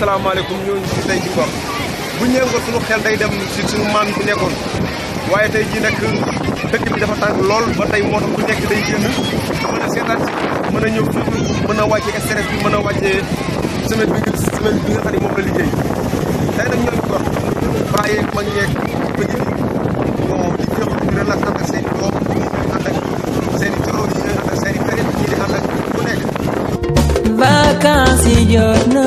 salaamaaleykum ñoo ngi si tey ci Ngor bu ñëwee Ngor suñu xel day dem si suñu maam bi nekkoon waaye tey jii nag dëkk bi dafa tàng lool ba tey moo tax bu nekk day génn mën ñëw fii mën a wàccee stress bi mën a wàccee semaine bi semaine nag ñoo ngi Ngor bàyyi yeeg mag yeeg bëgg yi bon di jéem di relax ak seen ku nekk. vacances jot na.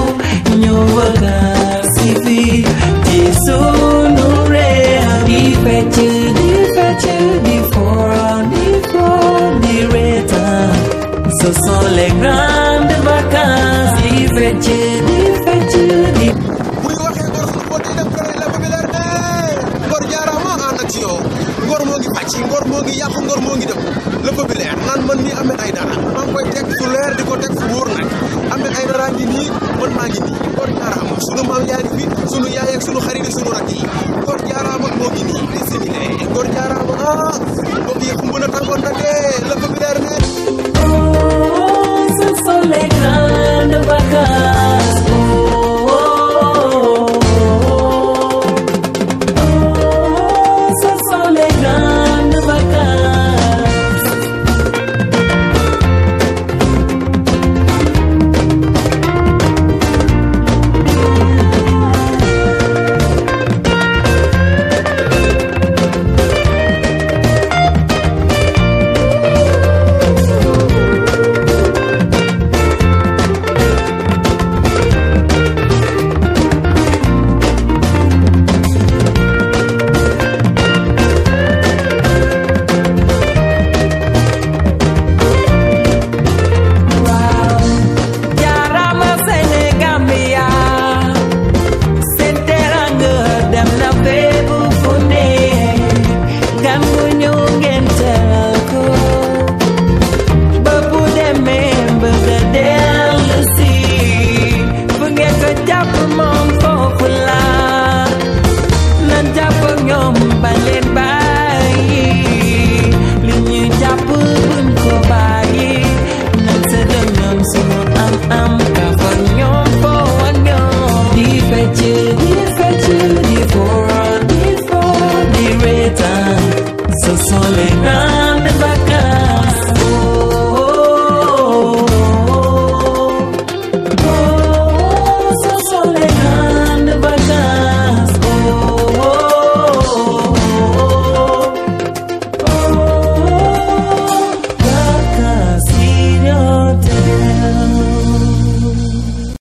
fecc di fecc di buy waxee ngor suñu boot yi def prene la popularité ngor jaaraama ànd ak si yow ngor moo ngi pàcc ngor moo ngi yàpp ngor moo ngi def le populaire naan man mii Ahmed Aïdara maa ngi koy teg fu leer di ko teg fu wóor nag Ahmed Aïdara ngi nii man maa ngi nii ngor jaaraama sunu maam yaa ngi fi sunu yaay ak sunu xarit ak sunu rakk yi